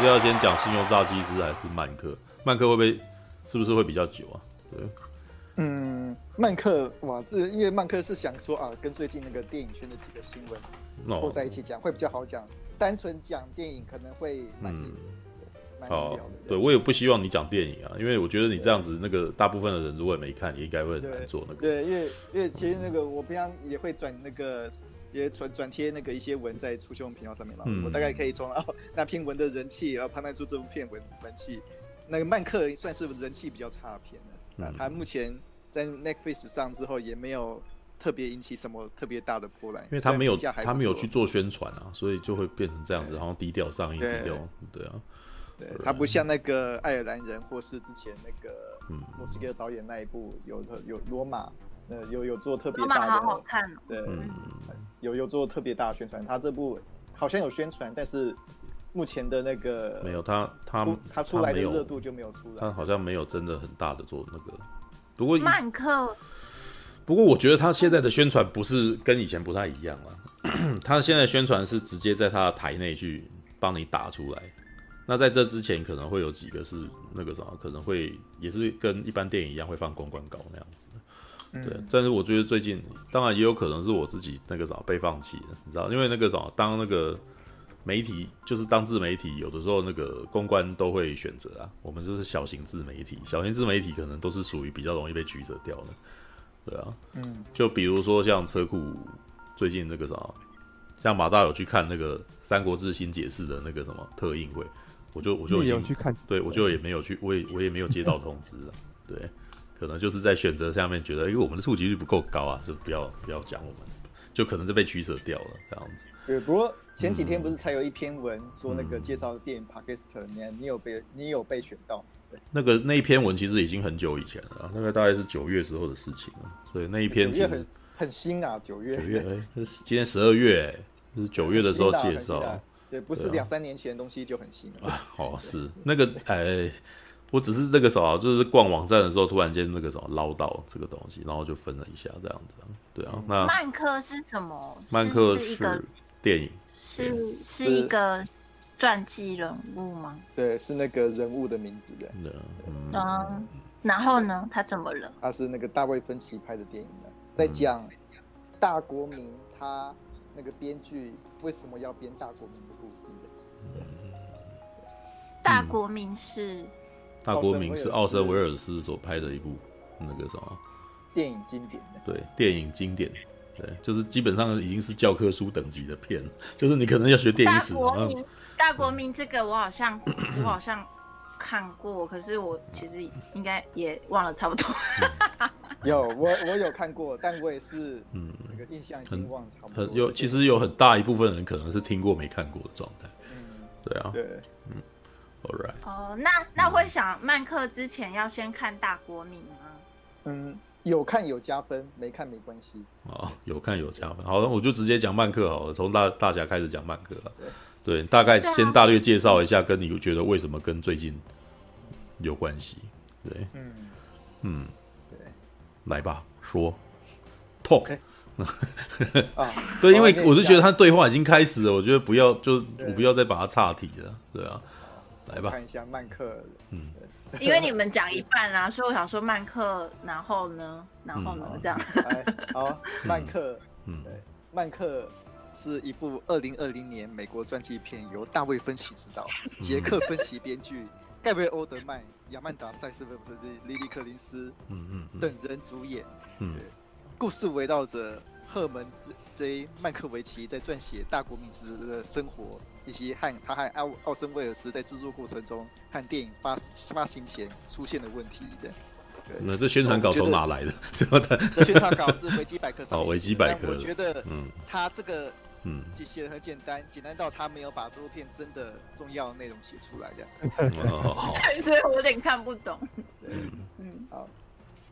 是要先講信用詐欺師還是曼克？曼克會不會是不是會比較久啊？對，嗯，曼克哇，這因為曼克是想說啊，跟最近那個電影圈的幾個新聞湊、哦、在一起講會比較好講。單純講電影可能會蠻蠻難聊的、嗯、對，對，我也不希望你講電影啊，因為我覺得你這樣子，對那個大部分的人如果也沒看，也應該會很難做那個對。對，因為因為其實那個我平常也會轉那個。嗯也轉轉貼那個一些文在促銷頻道上面嘛，嗯、我大概可以從、哦、那篇文的人氣，然後判斷出這部片文人氣。那個《曼克》算是人氣比較差的片了，嗯、那他目前在 Netflix 上之後也沒有特別引起什麼特別大的波瀾，因為他沒有他，他沒有去做宣傳啊，所以就會變成這樣子，然後對低調上映，對低調，對啊，對，他不像那個愛爾蘭人，或是之前那個嗯墨西哥導演那一部，有有羅馬。呃，有有做特別大的，好好看，對，有有做特別大的宣傳。嗯、他這部好像有宣傳，但是目前的那個沒有。他他他出來的熱度就沒有出來他沒有。他好像沒有真的很大的做那個，不過曼克。課不過我覺得他現在的宣傳不是跟以前不太一樣了。 他現在宣傳是直接在他的台內去幫你打出來。那在這之前可能會有幾個是那個什麼，可能會也是跟一般電影一樣會放公關稿那樣子。對，但是我覺得最近，當然也有可能是我自己那個啥被放棄了，你知道，因為那個啥，當那個媒體就是當自媒體，有的時候那個公關都會選擇啊，我們就是小型自媒體，小型自媒體可能都是屬於比較容易被取捨掉的，對啊，嗯，就比如說像車庫最近那個啥，像馬大有去看那個《三國志新解釋》的那個什麼特映會，我就我就沒有去看，對我就也沒有去，我也我也沒有接到通知啊， 對。可能就是在選擇下面覺得，因為我們的觸及率不夠高啊，就不要不要講我們，就可能就被取捨掉了這樣子。對，不過前幾天不是才有一篇文、嗯、說那個介紹電影 podcast，你有被你有被選到？那個那一篇文其實已經很久以前了，那個大概是九月之後的事情了，所以那一篇其實、欸、很，很新啊，九月。九月、欸、是今天十二月、欸，就是九月的時候介紹，對，不是兩三年前的東西就很新了啊，啊。哦，是那個哎。欸我只是那個時候、啊，就是逛網站的時候，突然間那個時候撈到這個東西，然後就分了一下這樣子、啊。對啊，那曼克是什麼？曼克科是,是,是一個電影，是是一個傳記人物嗎？對，是那個人物的名字對對的名字。對嗯，uh, 然後呢？對他怎麼了？他是那個大衛芬奇拍的電影呢，嗯、在講大國民他那個編劇為什麼要編大國民的故事。嗯、大國民是。大國民是奧森·威爾斯所拍的一部那個什麼電影經典，對，電影經典，對，就是基本上已經是教科書等級的片，就是你可能要學電影史。大國民，大國民這個我好像我好像看過，可是我其實應該也忘了差不多。有我我有看過，但我也是嗯，那個印象已經忘了差不多。有其實有很大一部分人可能是聽過沒看過的狀態。對啊，對，嗯。哦 Alright、呃，那那會想曼克之前要先看大國民嗎？啊？嗯，有看有加分，沒看沒關係。哦，有看有加分。好，我就直接講曼克好了，從大大俠開始講曼克了。對，對，大概先大略介紹一下，跟你覺得為什麼跟最近有關係？對，嗯嗯，嗯對，來吧，說，talk。對，因為我是覺得他對話已經開始了，我覺得不要就對我不要再把他岔題了。對啊。來吧，看一下《曼克》，嗯，因為你們講一半啊，所以我想說《曼克》，然後呢，然後呢，這樣。好，《曼克》，嗯，對，《曼克》是一部二零二零年美國傳記片，由大衛·芬奇執導，傑克·芬奇編劇，蓋瑞·歐德曼、亞曼達·賽斯、不是這莉莉·柯林斯嗯嗯，等人主演。對，故事圍繞着赫門之，J 曼克維奇在撰寫《大國民》之的生活。和他和奧奧森威爾斯在製作過程中和電影發發行前出現的問題的。那、嗯、這宣傳稿從哪來的？ 這宣傳稿是維基百科上的。哦，維基百科。我覺得，嗯，他這個，嗯，寫得很簡單，嗯、簡單到他沒有把這部片真的重要的內容寫出來，這樣。哦、所以我有點看不懂。對，嗯。好，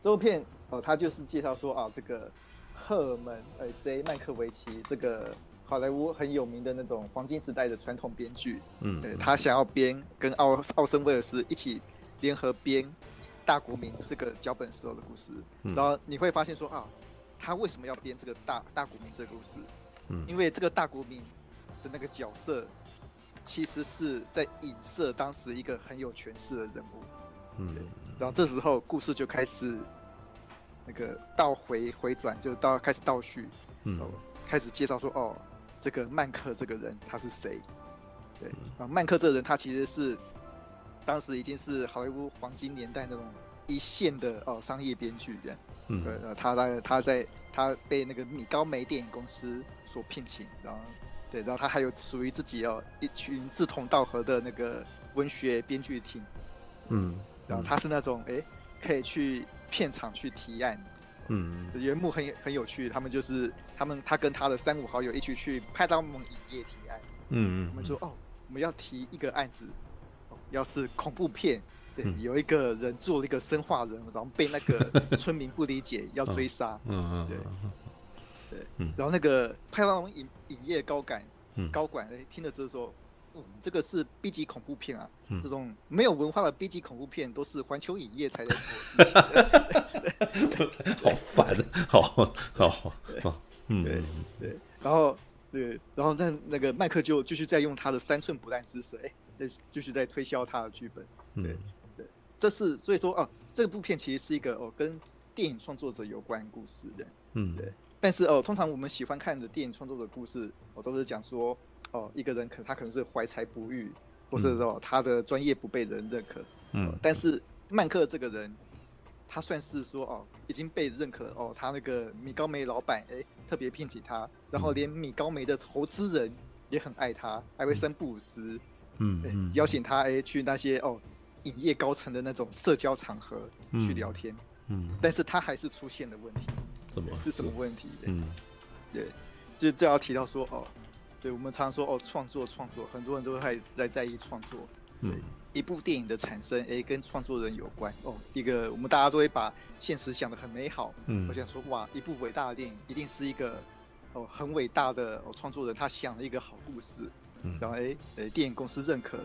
這部片哦，他就是介紹說啊、哦，這個赫爾曼呃 J，曼克維奇這個。好萊塢很有名的那種黃金時代的傳統編劇，嗯，嗯，對，他想要編跟奧奧森威爾斯一起聯合編《大國民》這個腳本時候的故事，嗯，然後你會發現說啊，他為什麼要編這個大、《大國民》這個故事？嗯，因為這個大國民的那個角色其實是在影射當時一個很有權勢的人物，嗯，然後這時候故事就開始那個倒回回轉，就到開始倒敘，嗯，開始介紹說哦。這個曼克這個人他是誰？對啊，嗯、然後曼克這個人他其實是，當時已經是好萊塢黃金年代那種一線的哦商業編劇這樣。嗯，對，然後他在他在他被那個米高梅電影公司所聘請，然後，對，然後他還有屬於自己哦一群志同道合的那個文學編劇 team，嗯，然後他是那種哎，可以去片場去提案。嗯，原木很很有趣，他們就是他們，他跟他的三五好友一起去派拉蒙影業提案。嗯嗯，嗯他們說哦，我們要提一個案子，哦、要是恐怖片，對，嗯、有一個人做了一個生化人，然後被那個村民不理解， 要追殺。嗯、哦、對嗯，對對，嗯、然後那個派拉蒙影影業高、感、嗯、高管，高管哎，聽了之後。這個是 B 級恐怖片啊，嗯、這種沒有文化的 B 級恐怖片都是環球影業才能做事情。 對好煩，好好對好，嗯對對，然後對，然後那那個麥克就繼續在用他的三寸不爛之舌，再繼續在推銷他的劇本。對、嗯、對，這是所以說哦，這個、部片其實是一個哦跟電影創作者有關故事的，嗯，對。但是哦，通常我們喜歡看的電影創作者故事，我、哦、都是講說哦，一個人可能他可能是懷才不遇，或是說、嗯、他的專業不被人認可，嗯。但是曼克這個人，他算是說哦，已經被認可哦。他那個米高梅老闆哎、欸，特別聘請他，然後連米高梅的投資人也很愛他，艾文森布魯斯，嗯，邀請他哎、欸、去那些哦，影業高層的那種社交場合、嗯、去聊天。嗯，但是他還是出現了問題，怎麼是什麼問題？是對嗯，對，就就要提到說哦，對我們常常說哦，創作創作，很多人都會還在在意創作，對，嗯、一部電影的產生，哎、欸，跟創作人有關哦，一個我們大家都會把現實想得很美好，嗯，我想說哇，一部偉大的電影一定是一個哦很偉大的哦創作人他想了一個好故事，嗯，然後哎，呃、欸欸，電影公司認可，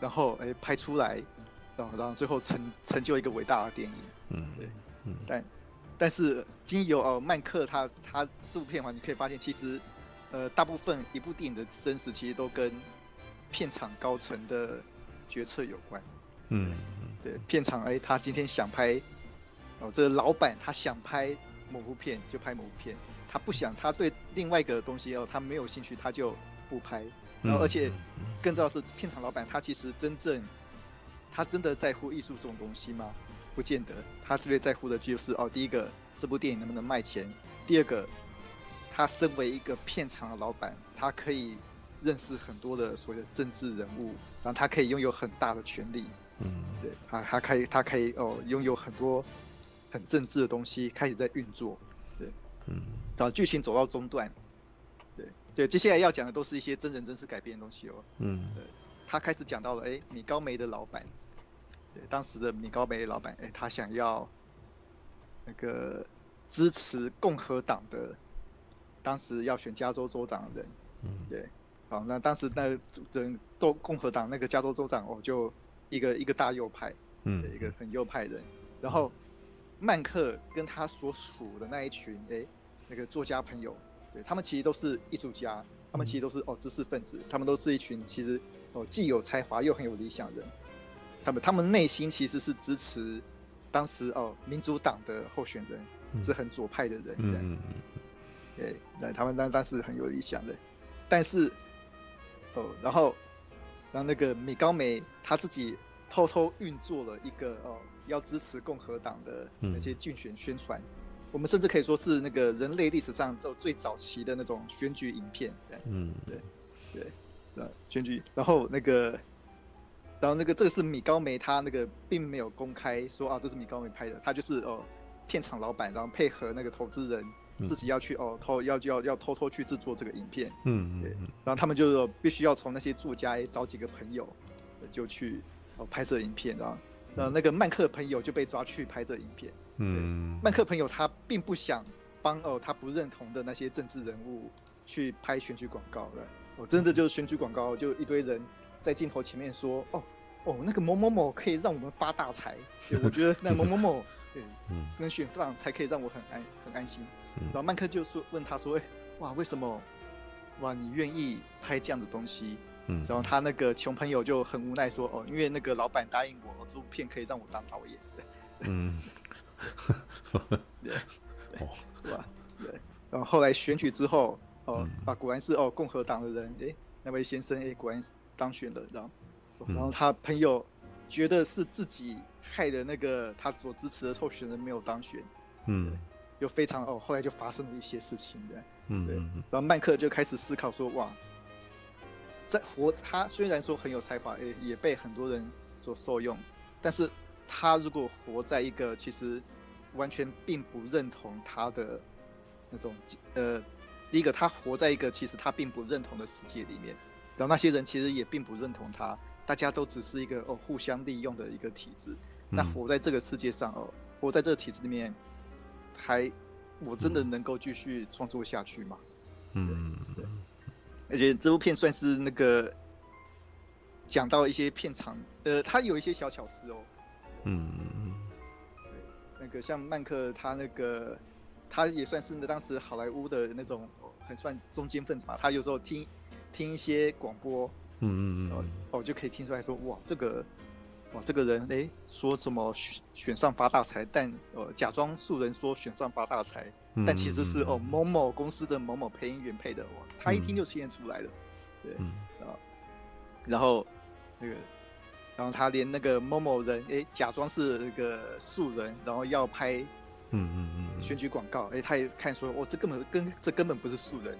然後哎、欸、拍出來。然後、哦，然後最後成成就一個偉大的電影。嗯，對，嗯，但但是經由哦，曼克他他這部片嘛，你可以發現其實，呃，大部分一部電影的真實其實都跟片場高層的決策有關。嗯，嗯對，片場哎，他今天想拍哦，這個老板他想拍某部片就拍某部片，他不想，他對另外一個東西哦，他沒有興趣，他就不拍。然後，而且更重要是，片場老板他其實真正。他真的在乎藝術這種東西嗎？不見得，他最在乎的就是哦，第一個，這部電影能不能賣錢？第二個，他身為一個片場的老闆，他可以認識很多的所謂的政治人物，然後他可以擁有很大的權力。嗯，對，他他可以，他可以哦，擁有很多很政治的東西開始在運作。對，嗯，然後劇情走到中段，對對，接下來要講的都是一些真人真事改編的東西哦。嗯對，他開始講到了，哎、欸，米高梅的老闆。當時的米高梅老闆哎、欸，他想要那個支持共和黨的，當時要選加州州長的人，嗯，對，好，那當時那人都共和黨那個加州州長哦，就一個一個大右派，嗯，對，一個很右派人，然後曼克跟他所屬的那一群哎、欸，那個作家朋友，對，他們其實都是藝術家，他們其實都是哦知識分子，他們都是一群其實哦既有才華又很有理想的人。他們他們內心其實是支持，當時哦民主黨的候選人是很左派的人，嗯、對、嗯、對，他們當當時很有理想的，但是哦，然後然後那個米高梅他自己偷偷運作了一個哦要支持共和黨的那些競選宣傳，嗯、我們甚至可以說是那個人類歷史上就最早期的那種選舉影片，對嗯，對對、嗯，選舉，然後那個。然後那個這個是米高梅，他那個並沒有公開說啊，這是米高梅拍的，他就是哦，片場老闆，然後配合那個投資人自己要去、嗯、哦，偷要要要偷偷去制作這個影片，嗯嗯，然後他們就必須要從那些作家找幾個朋友，就去哦拍這影片啊，呃那個曼克的朋友就被抓去拍這影片，嗯，對嗯曼克的朋友他並不想幫哦，他不認同的那些政治人物去拍選舉廣告了，我、哦、真的就是選舉廣告，就一堆人。在鏡頭前面說：“哦，哦，那個某某某可以讓我們發大財。 對”我覺得那某某某，對嗯，跟選這才可以讓我很安很安心。然後曼克就說：“問他說，哎、欸，哇，為什麼？哇，你願意拍這樣子東西？”嗯、然後他那個窮朋友就很無奈說：“哦，因為那個老闆答應我，這部片可以讓我當導演。 ”嗯， 對對，對。然後後來選舉之後，哦，啊、嗯，果然是哦，共和黨的人，哎、欸，那位先生，哎、欸，果然是。當選了，然後，然後他朋友覺得是自己害的，那個他所支持的候選人沒有當選，嗯，就非常哦，後來就發生了一些事情對，嗯，對，然後曼克就開始思考說，哇，在活他雖然說很有才華，也也被很多人所受用，但是他如果活在一個其實完全並不認同他的那種，呃，第一個他活在一個其實他並不認同的世界裡面。然後那些人其實也並不認同他，大家都只是一個哦互相利用的一個體制。那活在這個世界上哦，活在這個體制裡面，還我真的能夠繼續創作下去嗎？嗯對，對。而且這部片算是那個講到一些片場，呃，他有一些小巧思哦。嗯，對。那個像曼克，他那個他也算是那當時好萊塢的那種很算中間分子嘛。他有時候聽。聽一些廣播，嗯嗯嗯，哦，我、哦、就可以聽出來說，哇，這個，哇，這個人，誒、欸，說什麼選選上發大財，但呃，假裝素人說選上發大財，嗯嗯嗯嗯，但其實是哦，某某公司的某某配音員配的，哇，他一聽就出現出來了，對，嗯、然後那個，然後，然後他連那個某某人，誒、欸，假裝是那個素人，然後要拍，嗯，嗯嗯嗯，選舉廣告，誒，他也看說，哦，這根本根，這根本不是素人。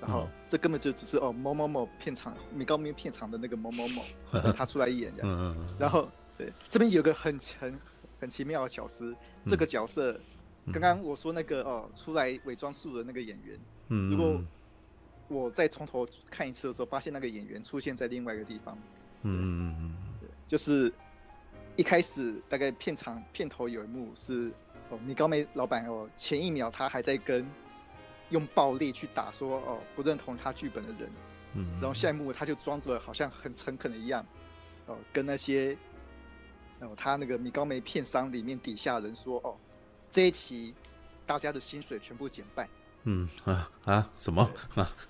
然後、哦、這根本就只是哦某某某片場、米高梅片場的那個某某某，呵呵，他出來演的。嗯嗯呵然後對，這邊有個很奇很、很奇妙的角色，這個角色、嗯、剛剛我說那個哦出來偽裝術的那個演員，嗯，如果我再從頭看一次的時候，發現那個演員出現在另外一個地方。對。嗯嗯嗯，就是一開始大概片場片頭有一幕是哦米高梅老闆哦前一秒他還在跟。用暴力去打說哦不認同他劇本的人，然後下一幕他就裝作好像很誠懇的一樣，哦跟那些，哦他那個米高梅片商裡面底下人說哦，這一期大家的薪水全部減半嗯。嗯啊啊什麼？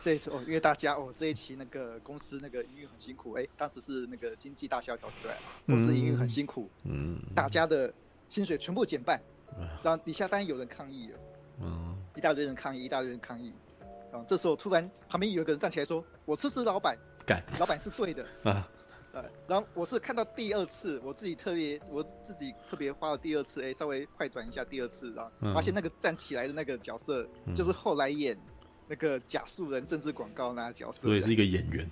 這一次哦因為大家哦這一期那個公司那個營運很辛苦，哎、欸、當時是那個經濟大蕭條對，公司營運很辛苦，嗯，大家的薪水全部減半，然後底下當然有人抗議了。嗯，一大堆人抗議，一大堆人抗議。然後這時候突然旁邊有一個人站起來說：“我支持老闆，幹老闆是對的啊。啊”然後我是看到第二次，我自己特別我自己特別花了第二次，哎、欸，稍微快轉一下第二次，然後發現那個站起來的那個角色、嗯、就是後來演那個假素人政治廣告那個角色，也是一個演員。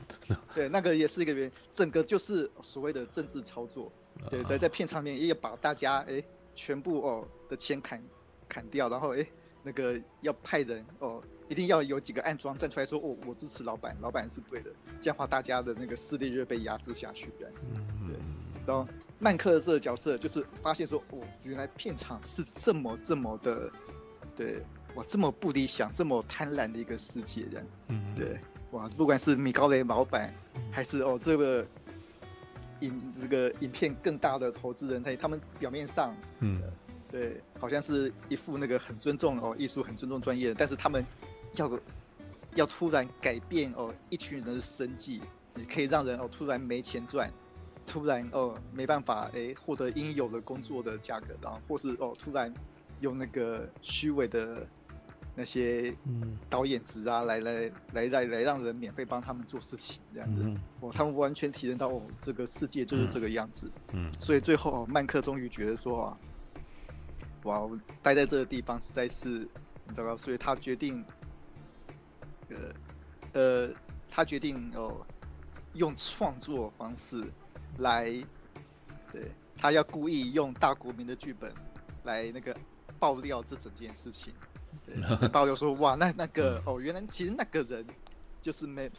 對，那個也是一個人，整個就是所謂的政治操作。啊、對，對在片場裡面也有把大家、欸、全部哦、喔、的錢砍砍掉，然後哎。欸那個要派人哦，一定要有幾個暗樁，站出來說哦，我支持老闆，老闆是對的，這樣話大家的那個勢力就被壓制下去的。嗯，對。然後曼克這個角色就是發現說哦，原來片場是這麼這麼的，對，哇，這麼不理想，這麼貪婪的一個世界的人，嗯，對，哇，不管是米高梅老闆，還是哦這個影這個影片更大的投資人，他他們表面上，嗯、呃，對。好像是一副那個很尊重哦藝術，很尊重專業的，但是他們要要突然改變哦一群人的生計，也可以讓人哦突然沒錢賺，突然哦沒辦法哎獲、欸、得應有的工作的價格，然後或是哦突然用那個虛偽的那些導演職啊來來來來來讓人免費幫他們做事情這樣子，嗯嗯哦他們完全體驗到哦這個世界就是這個樣子，嗯，嗯，所以最後哦，曼克終於覺得說啊。哇，我待在這個地方實在是很糟糕，所以他決定，呃，呃，他決定哦，用創作方式來，對，他要故意用大國民的劇本來那個爆料這整件事情，對，爆料說哇，那那個哦，原來其實那個人就是沒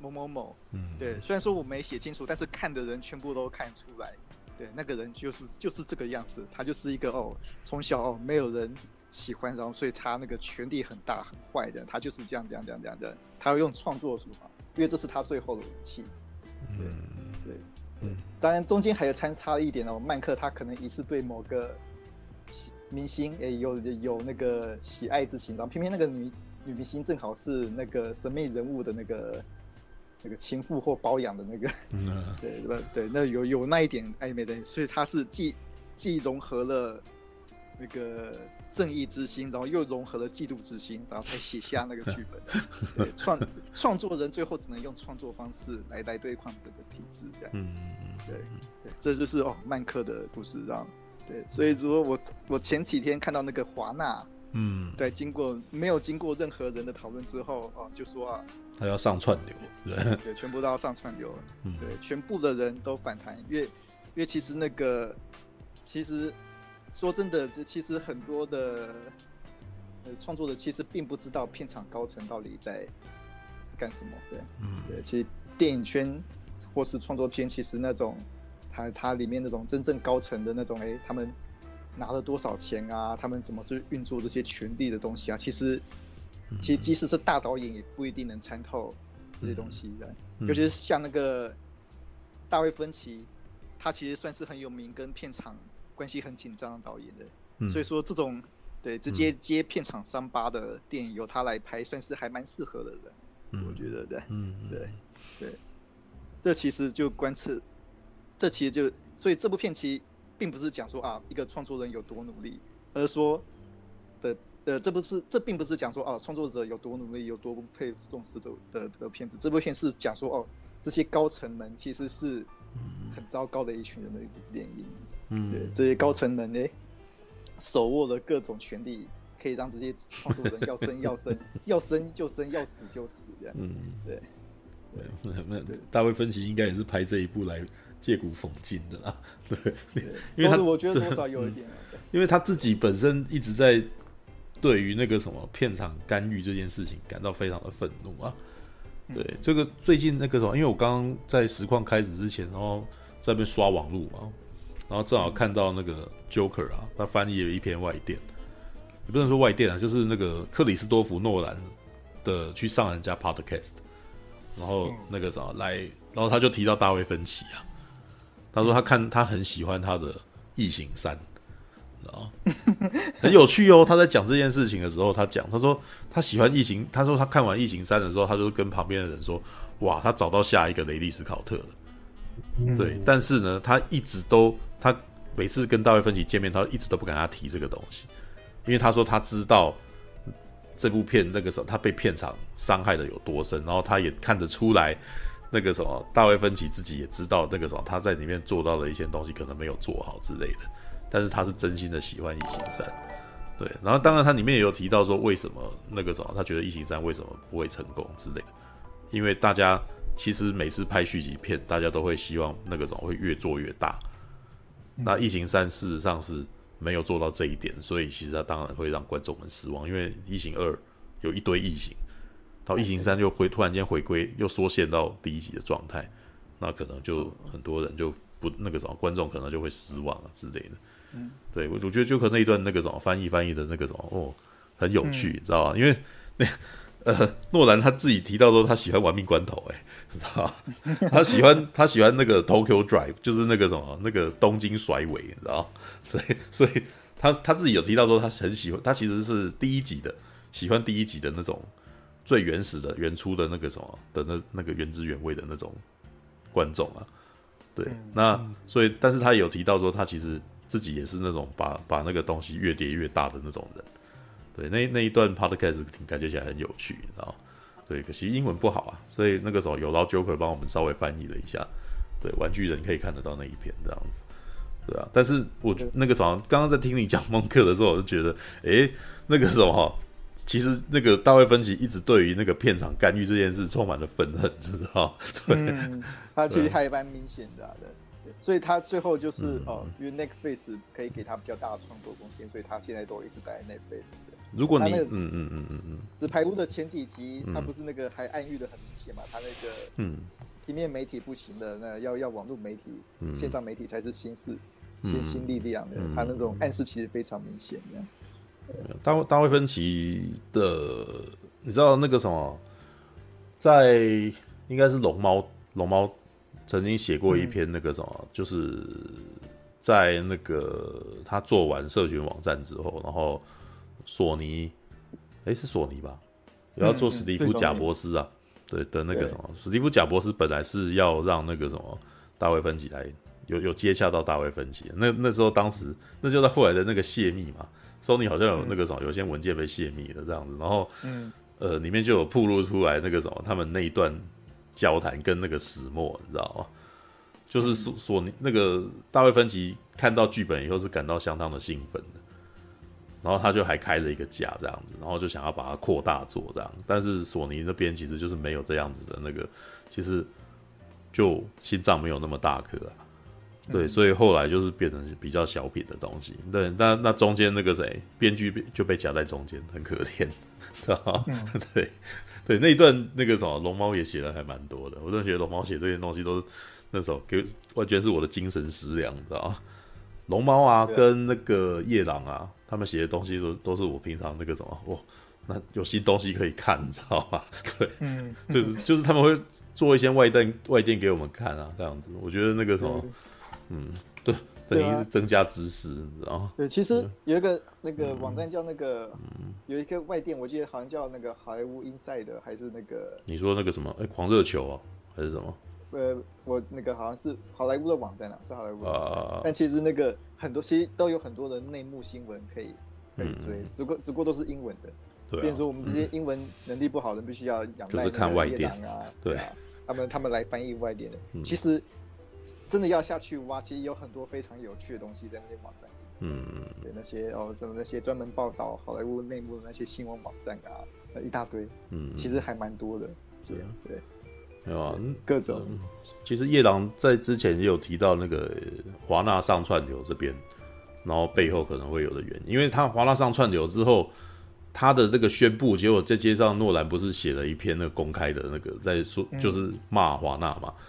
某某某，嗯，對，雖然說我沒寫清楚，但是看的人全部都看出來。對，那個人就是就是這個樣子，他就是一個哦，從小，哦、沒有人喜歡，然後所以他那個權力很大，很壞的，他就是這樣這樣這樣這樣的，他要用創作手法，因為這是他最後的武器。對對，對嗯、當然中間還有參差了一點呢，哦，曼克他可能也是對某個明星哎有有那個喜愛之情，然後偏偏那個女女明星正好是那個神秘人物的那個。那個情婦或包養的那個，嗯啊、對，對，對，那有有那一點曖昧的，所以他是既既融合了那個正義之心，然後又融合了嫉妒之心，然後才寫下那個劇本。創創 作人最後只能用創作方式來來對抗這個體制，這樣。嗯嗯對對，對，這就是哦，曼克的故事這樣對，所以如果我、嗯、我前幾天看到那個華納。嗯，在經過沒有經過任何人的討論之後，哦，就說啊，他要上串流，對，對，全部都要上串流，嗯、對，全部的人都反彈，因為因為其實那個，其實說真的，這其實很多的創、呃、作者，其實並不知道片場高層到底在幹什麼，對，嗯，對，其實電影圈或是創作片，其實那種他他裡面那種真正高層的那種，哎、欸，他們。拿了多少錢啊？他們怎麼去運作這些權力的東西啊？其實，其實即使是大導演，也不一定能參透這些東西的。嗯嗯、尤其是像那個大衛·芬奇，他其實算是很有名，跟片場關係很緊張的導演的。嗯、所以說，這種對直接接片場傷疤的電影由他來拍，算是還蠻適合的，的。嗯、我覺得對，對對，這其實就觀測，這其實就所以這部片其並不是講說啊一個創作人有多努力，而說的的，這不是這並不是講說哦創、啊、作者有多努力，有多不配重視的這個片子，這部片是講說哦這些高層們其實是很糟糕的一群人的原因。嗯對，這些高層們呢、嗯、手握了各種權力，可以讓這些創作人要生要生 要生就生，要死就死這樣，嗯對，對，對 大衛芬奇應該也是拍這一部來。借古諷今的啦，對，因為他我覺得多少有一點，因為他自己本身一直在對於那個什麼片場干預這件事情感到非常的憤怒啊。對，這個最近那個什麼，因為我剛剛在實況開始之前，然後在那邊刷網絡嘛，然後正好看到那個 Joker 啊，他翻譯了一篇外電，也不能說外電啊，就是那個克里斯多夫諾蘭的去上人家 Podcast，然後那個什麼來，然後他就提到大衛芬奇啊。他說他看他很喜歡他的《異形三》，然後，很有趣哦。他在講這件事情的時候，他講他說他喜歡《異形》，他說他看完《異形三》的時候，他就跟旁邊的人說：“哇，他找到下一個雷利斯考特了。嗯”，對，但是呢，他一直都他每次跟大衛·芬奇見面，他一直都不跟他提這個東西，因為他說他知道這部片那個時候他被片場傷害的有多深，然後他也看得出來。那個什麼，大衛·芬奇自己也知道，那個什麼，他在裡面做到了一些東西，可能沒有做好之類的。但是他是真心的喜歡《異形三》。對，然後當然他裡面也有提到說，為什麼那個什麼，他覺得《異形三》為什麼不會成功之類的。因為大家其實每次拍續集片，大家都會希望那個什麼會越做越大。那《異形三》事實上是沒有做到這一點，所以其實他當然會讓觀眾們失望，因為《異形二》有一堆異形。到疫情三就會突然間回歸，又縮限到第一集的狀態，那可能就很多人就不那個什麼，觀眾可能就會失望啊之類的。嗯，對我我覺得就和那一段那個什麼翻譯翻譯的那個什麼哦很有趣，嗯、你知道嗎？因為那呃諾蘭他自己提到說他喜歡玩命關頭、欸，哎，知道嗎？ 他喜歡他喜歡那個 Tokyo Drive，就是那個什麼那個東京甩尾，你知道嗎？所以所以他他自己有提到說他很喜歡，他其實是第一集的喜歡第一集的那種。最原始的，原初的那個什麼的那那個原汁原味的那種觀眾啊，對，那所以，但是他有提到說，他其實自己也是那種把把那個東西越疊越大的那種人，對，那那一段 podcast 感覺起來很有趣，然後對，可惜英文不好啊，所以那個時候有老 Joker 可以幫我們稍微翻譯了一下，對，玩具人可以看得到那一篇這樣子，對啊，但是我那個時候剛剛在聽你講曼克的時候，我就覺得，誒、欸，那個什麼。其實那個大衛芬奇一直對於那個片場干預這件事充滿了憤恨，知道嗎、嗯？他其實還蠻明顯的、啊對對，所以他最後就是、嗯、哦，因為 Netflix 可以給他比較大的創作貢獻，所以他現在都一直待在 Netflix 如果你嗯嗯嗯嗯嗯，紙、嗯、牌屋的前幾集，嗯、他不是那個還暗喻的很明顯嘛？他那個嗯，平面媒體不行的，那要要網絡媒體、嗯、線上媒體才是新勢、新興力量的，他那種暗示其實非常明顯的。大衛，大衛·芬奇的，你知道那個什麼，在應該是龍貓，龍貓曾經寫過一篇那個什麼，嗯、就是在那個他做完社群網站之後，然後索尼，哎、欸，是索尼吧？嗯嗯、有要做史蒂夫·賈伯斯啊，對的那個什麼，對史蒂夫·賈伯斯，本來是要讓那個什麼大衛·芬奇來，有有接洽到大衛·芬奇，那那時候當時，那就在後來的那個洩密嘛。索尼好像有那個什麼，有些文件被洩密了這樣子，然後，呃，裡面就有披露出來那個什麼，他們那一段交談跟那個始末，你知道嗎？就是索尼那個大衛芬奇看到劇本以後是感到相當的興奮的，然後他就還開了一個價這樣子，然後就想要把它擴大做這樣，但是索尼那邊其實就是沒有這樣子的那個，其實就心臟沒有那麼大顆、啊。對，所以後來就是變成比較小品的東西。對，那那中間那個誰編劇就被夾在中間，很可憐，是吧？嗯、對，對，那一段那個什麼龍貓也寫的還蠻多的。我真的覺得龍貓寫這些東西都是那時候給完全是我的精神食糧，知道嗎？龍貓啊，對跟那個夜郎啊，他們寫的東西都都是我平常那個什麼，哇，那有些東西可以看，你知道吧？對，嗯、就是就是他們會做一些外電、外電給我們看啊，這樣子。我覺得那個什麼。嗯，對，等於是增加知識，然後對，其實有一個那個網站叫那個，有一個外電我記得好像叫那個好萊塢 Insider 還是那個？你說那個什麼？哎，狂熱球啊，還是什麼？呃，我那個好像是好萊塢的網站啊，是好萊塢的網站。但其實那個很多，其實都有很多的內幕新聞可以可以追，只不過只不過都是英文的，對。變說我們這些英文能力不好的，必須要仰賴外電啊，對，他們他們來翻譯外電的，其實。真的要下去挖，其實有很多非常有趣的東西在那些網站裡。嗯嗯，對那些哦什麼那些專門報道好萊塢內幕的那些新聞網站啊，那一大堆。嗯，其實還蠻多的。對，有啊，各種。其實夜郎在之前也有提到那個華納上串流這邊，然後背後可能會有的原因，因為他華納上串流之後，他的這個宣布結果在街上，諾蘭不是寫了一篇那個公開的那個在說，就是罵華納嘛。嗯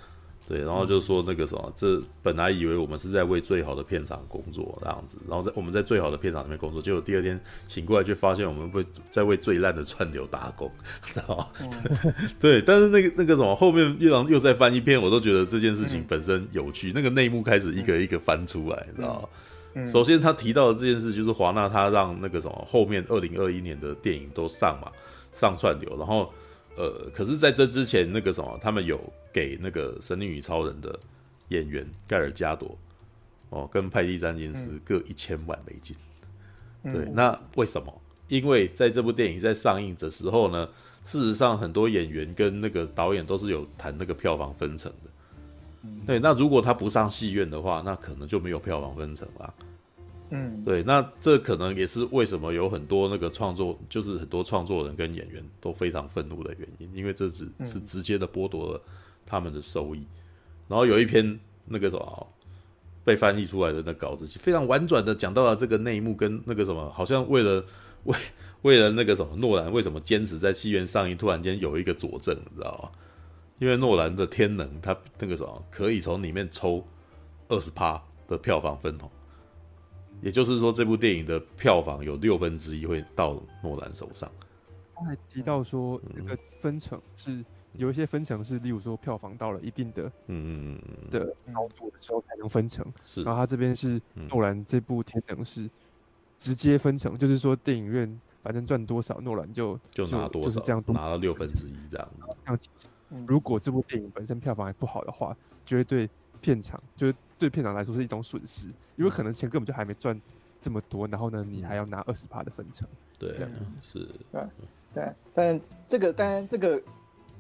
對，然後就說那個什麼，嗯、這本來以為我們是在為最好的片場工作，這樣子，然後在我們在最好的片場裡面工作，結果第二天醒過來，却發現我們在為最爛的串流打工，知道嗎？嗯、對，但是那個那個什麼，後面又然後又再翻一篇，我都覺得這件事情本身有趣，嗯、那個內幕開始一個一個翻出來，嗯、知道嗎？嗯、首先他提到的這件事就是華納他讓那個什麼後面二零二一年的電影都上嘛，上串流，然後。呃，可是在這之前，那個什麼，他們有給那個《神力女超人》的演員蓋爾加朵哦，跟派蒂詹金斯各一千萬美金。對，那為什麼？因為在這部電影在上映的時候呢，事實上很多演員跟那個導演都是有談那個票房分成的。對，那如果他不上戲院的話，那可能就沒有票房分成了。嗯，對，那這可能也是為什麼有很多那個創作，就是很多創作人跟演員都非常憤怒的原因，因為這只是直接的剝奪了他們的收益。然後有一篇那個什麼、喔、被翻譯出來的那稿子，非常婉轉的講到了這個內幕跟那個什麼，好像為了為為了那個什麼諾蘭為什麼堅持在戲院上映，突然間有一個佐證，你知道嗎？因為諾蘭的天能，他那個什麼可以從裡面抽二十趴的票房分紅、喔。也就是說，這部電影的票房有六分之一會到諾蘭手上。剛才提到說，那個分成是、嗯、有一些分成是，例如說票房到了一定的嗯嗯嗯的高度的時候才能分成。是，然後他這邊是諾蘭這部《天能》是直接分成，嗯、就是說電影院反正賺多少，諾蘭就就拿多少，就，就是這樣拿了六分之一這樣。那如果這部電影本身票房還不好的話，就會對片場就是。對片場來說是一種損失，因為可能錢根本就還沒賺這麼多，然後呢，你還要拿二十趴的分成，對、啊，這樣子是，對、啊，對，但這個，當然這個，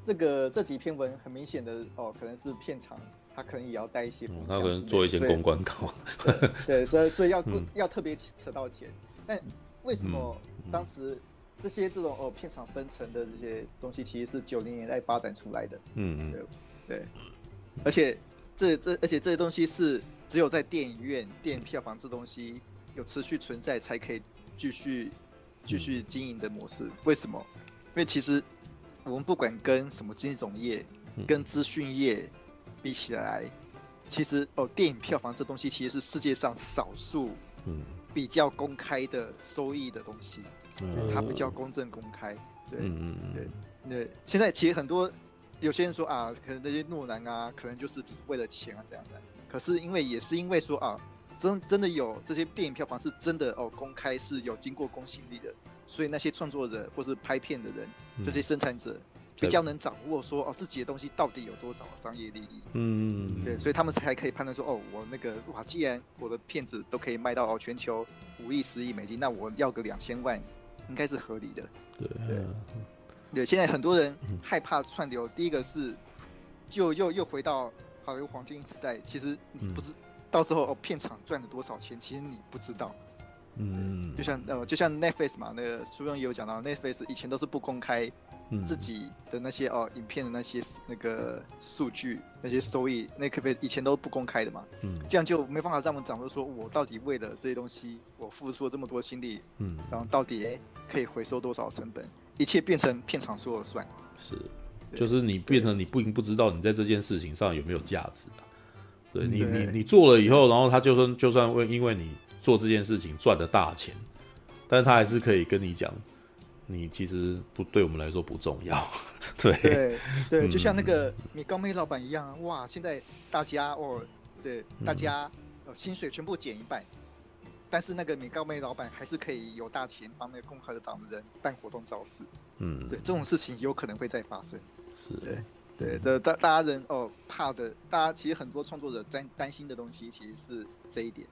這個這幾篇文很明顯的哦，可能是片場，他可能也要帶一些，他可能做一些公關稿對 對，對，所以所以要、嗯、要特別扯到錢，但為什麼當時這些這種哦片場分成的這些東西，其實是九零年代發展出來的，嗯對，對，而且。這這，而且這些東西是只有在電影院、電影票房這東西有持續存在才可以繼續繼續經營的模式。為什麼？因為其實我們不管跟什麼金融業、跟資訊業比起來，嗯、其實哦，電影票房這東西其實是世界上少數比較公開的收益的東西，嗯、它比較公正公開。對，嗯。對，那現在其實很多。有些人說啊，可能那些諾蘭啊，可能就是只是為了錢啊，這樣的。可是因為也是因為說啊，真真的有這些電影票房是真的哦，公開是有經過公信力的，所以那些創作者或是拍片的人，嗯、這些生產者比較能掌握說對哦，自己的東西到底有多少商業利益。嗯，對，嗯、所以他們才可以判斷說哦，我那個哇，既然我的片子都可以賣到、哦、全球五億、十億美金，那我要個兩千萬，應該是合理的。對。對嗯對，現在很多人害怕串流，嗯、第一個是，就又又，又回到好萊塢黃金時代，其實你不知，嗯、到時候哦，片廠賺了多少錢，其實你不知道。嗯，就像呃，就像 Netflix 嘛，那個書中也有講到、嗯、，Netflix 以前都是不公開自己的那些、嗯、哦，影片的那些那個數據、那些收益，那可別以、以前都不公開的嘛。嗯，這樣就沒辦法讓我們掌握，說我到底為了這些東西，我付出了這麼多心力，嗯，然後到底可以回收多少成本？一切變成片場說了算，是，對就是你變成你不不知道你在這件事情上有沒有價值，對，對你你對你做了以後，然後他就算就算為因為你做這件事情賺了大錢，但他還是可以跟你講，你其實不對我們來說不重要，對對，對嗯、就像那個米高梅老板一樣，哇，現在大家哦，對，大家薪水全部減一半。但是那個米高梅老闆還是可以有大錢幫那個共和黨的人辦活動造勢。嗯，對，這種事情有可能會再發生。是，對，對，的。大大家人哦怕的，大家其實很多創作者擔擔心的東西其實是這一點。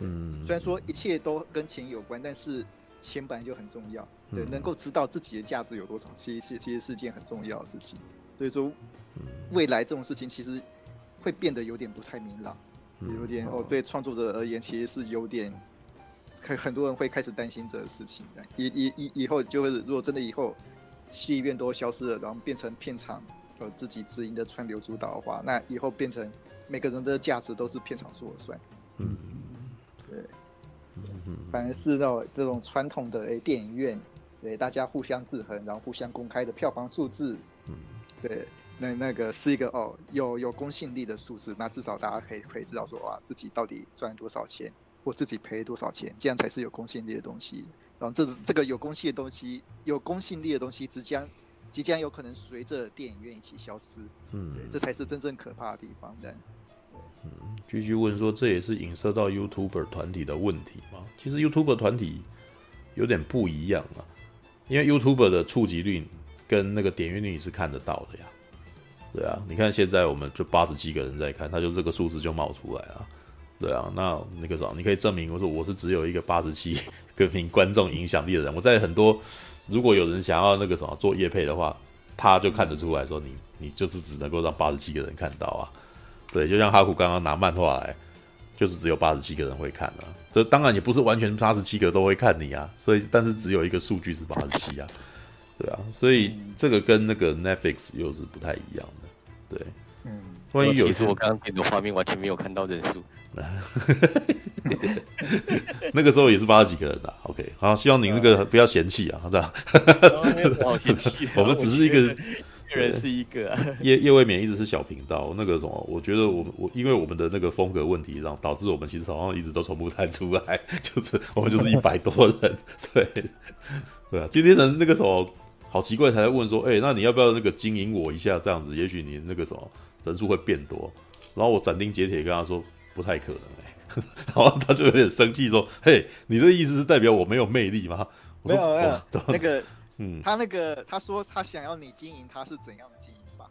嗯，雖然說一切都跟錢有關，但是錢本來就很重要。對，能夠知道自己的價值有多少，其實其實其實是件很重要的事情。所以說，未來這種事情其實會變得有點不太明朗，有點哦對創作者而言其實是有點。很很多人會開始擔心這個事情，以以以以後就會，如果真的以後戲院都消失了，然後變成片場和、呃、自己自營的串流主導的話，那以後變成每個人的價值都是片場說了算。嗯，對，嗯、反而是到、哦、這種傳統的誒電影院，對大家互相制衡，然後互相公開的票房數字，嗯、對，那那個是一個哦有有公信力的數字，那至少大家可以可以知道說哇自己到底賺多少錢。我自己賠了多少錢？這樣才是有公信力的東西。然後這，這這個有公信的東西，有公信力的東西即，即將即將有可能隨着電影院一起消失。嗯，這才是真正可怕的地方。但，嗯，繼續問說，這也是影射到 YouTuber 團體的問題嗎？其實 YouTuber 團體有點不一樣啊，因為 YouTuber 的觸及率跟那個點閱率是看得到的呀。對啊，你看現在我們就八十幾個人在看，他就這個數字就冒出來啊。對啊，那那個什麼，你可以證明我說我是只有一個八十七個名觀眾影響力的人。我在很多，如果有人想要那個什麼做業配的話，他就看得出來說你你就是只能夠讓八十七個人看到啊。對，就像哈庫剛剛拿漫畫來，就是只有八十七個人會看啊。所以當然也不是完全八十七個都會看你啊，所以但是只有一個數據是八十七啊。對啊，所以這個跟那個 Netflix 又是不太一樣的。對，嗯，萬一有其實我剛剛給你的畫面完全沒有看到人數。 那個時候也是八十幾個人啊。OK，好，希望您那個不要嫌棄啊，嗯、這樣。哈 哈、哦，嫌棄、啊。 我們只是一個，一個人是一個、啊。葉葉未眠一直是小頻道，那個什麼，我覺得我我因為我們的那個風格問題，然後導致我們其實好像一直都從不太出來，就是我們就是一百多人， 對對啊。今天人那個什麼好奇怪才問說，哎、欸，那你要不要那個經營我一下？這樣子，也許你那個什麼人數會變多。然後我斬釘截鐵跟他說。不太可能、欸、 然後他就有點生氣說：“嘿、hey,，你這意思是代表我沒有魅力嗎？”“沒有，沒有，沒有我，那個， 嗯，他那個，他說他想要你經營，他是怎樣的經營吧？”“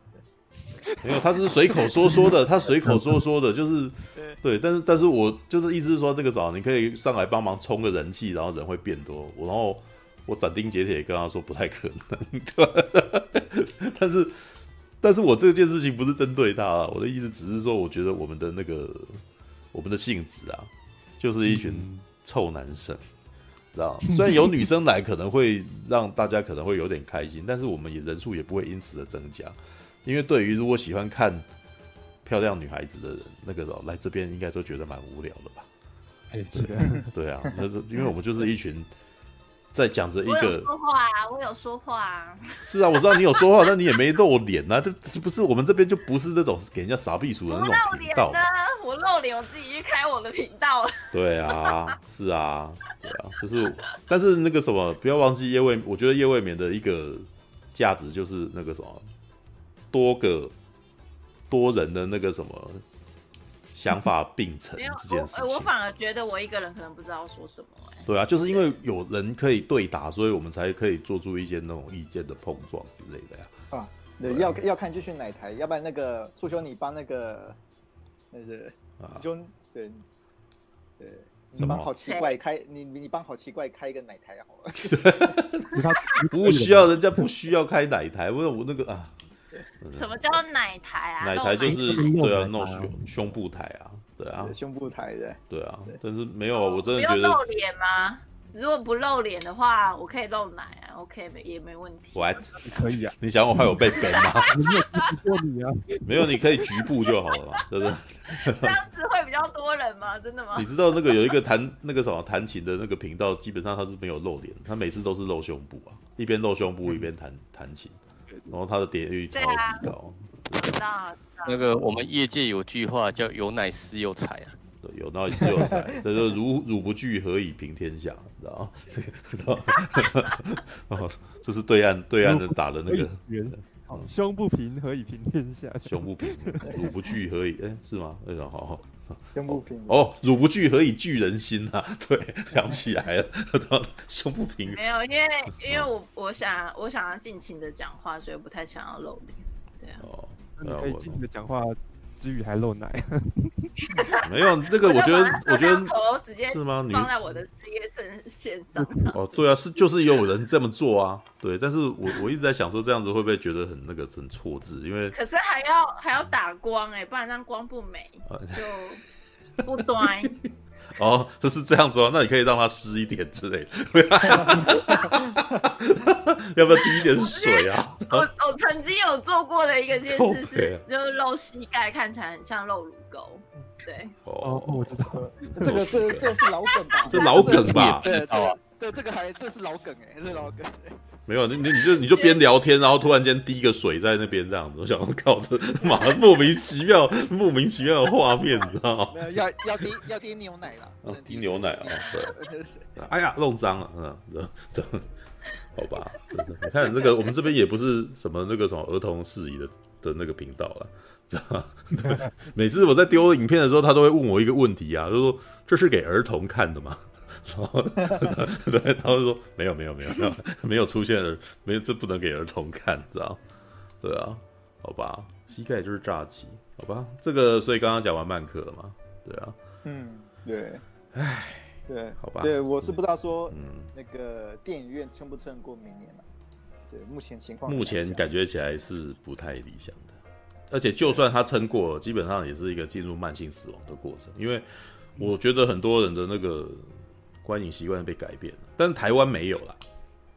沒有，他是隨口說說的， 他隨口說說的， 就是，對，對，但是，但是我就是意思是說，這個早你可以上來幫忙充個人氣，然後人會變多。我然後我斬釘截鐵跟他說不太可能， 對， 但是，但是我這件事情不是針對他、啊，我的意思只是說，我覺得我們的那個。”我們的性質啊，就是一群臭男生，嗯、知道？雖然有女生來，可能會讓大家可能會有點開心，但是我們也人數也不會因此的增加，因為對於如果喜歡看漂亮女孩子的人，那個來這邊應該都覺得蠻無聊的吧、哎，是這樣，對，對啊，那是因為我們就是一群。在講着一個我說話，啊，我有說話，啊，我有說話。是啊，我知道你有說話， 但你也沒露臉啊，就不是我們這邊就不是那種給人家傻避暑的那種頻道。我露臉，我自己去開我的頻道了。 對啊，是啊，對啊，就是，但是那個什麼，不要忘記夜未眠，我覺得夜未眠的一個價值就是那個什麼，多個多人的那個什麼。 想法並存這件事，我反而覺得我一個人可能不知道說什麼。對啊，就是因為有人可以對答，所以我們才可以做出一些那種意見的碰撞之類的呀、啊。啊，對，要要看就是奶台，要不然那個素秋，你幫那個那個啊，你就對對，你幫好奇怪開麼你你幫好奇怪開一個奶台好了， 不需要，人家不需要開奶台，我我那個啊。什麼叫奶台啊？奶台就是對啊，露胸胸部台啊，對啊，胸部台對，對啊，但是沒有，我真的不用露臉嗎？如果不露臉的話，我可以露奶啊，OK，也沒問題。我可以啊，你想我害我被肥嗎？沒有，你可以局部就好了，對不對？這樣子會比較多人嗎？真的嗎？你知道那個有一個彈那個什麼彈琴的那個頻道，基本上他是沒有露臉，他每次都是露胸部啊，一邊露胸部一邊彈彈琴。然後他的點率超級高，啊、吧那個我們業界有句話叫有奶是有財啊，對，有奶是有財，這個如汝不懼何以平天下，知道嗎？ 這是對岸對岸人打的那個。哦、胸不平，何以平天下？胸不平，乳不巨何以？哎， 是嗎？哎好好，胸不平哦，哦，乳不巨何以聚人心啊？對，想起來了， 胸不平沒有？因為因為我我想我想要盡情的講話，所以不太想要露臉，對啊。哦，那你可以盡情的講話。至於還漏奶， 沒有那個，我覺得，我，頭我覺得是嗎，你直接放在我的事業線線上。 哦，對啊，是就是有人這麼做啊，對。但是我我一直在想說，這樣子會不會覺得很那個很挫折？因為可是還要還要打光哎、欸，不然讓光不美，就不端。 哦，就是這樣子哦，那你可以讓它濕一點之類的， 要不要滴一點水啊？我我，我曾經有做過的一個件事是，就是露膝蓋看起來很像露乳溝，對。哦哦，我知道了，這個是這個是老梗吧？ 這老梗吧？這個、對，對，這個、對這個還這是老梗哎、欸，是、這個、老梗、欸。沒有，你你你就你就邊聊天，然後突然間滴個水在那邊這樣子，我想靠，這媽莫名其妙莫名其妙的畫面，你知道嗎？要要滴要滴牛奶了，哦、滴牛奶了啊！對，啊、哎呀，弄髒了。 嗯，這好吧？你看那個，我們這邊也不是什麼那個什麼兒童適宜的的那個頻道了，這樣、啊、對。每次我在丟影片的時候，他都會問我一個問題啊，就是說，這是給兒童看的嗎？對， 然後他會說沒有，沒有沒有沒有沒有沒有出現的，沒有這不能給兒童看，知道？對啊，好吧，膝蓋就是炸雞，好吧，這個所以剛剛講完曼克了嘛，對啊，啊、嗯，對，哎對，好吧，對，我是不知道說，嗯，那個電影院撐不撐過明年了？對，目前情況，目前感覺起來是不太理想的，而且就算他撐過了，基本上也是一個進入慢性死亡的過程，因為我覺得很多人的那個。觀影習慣被改變了，但是台灣沒有啦，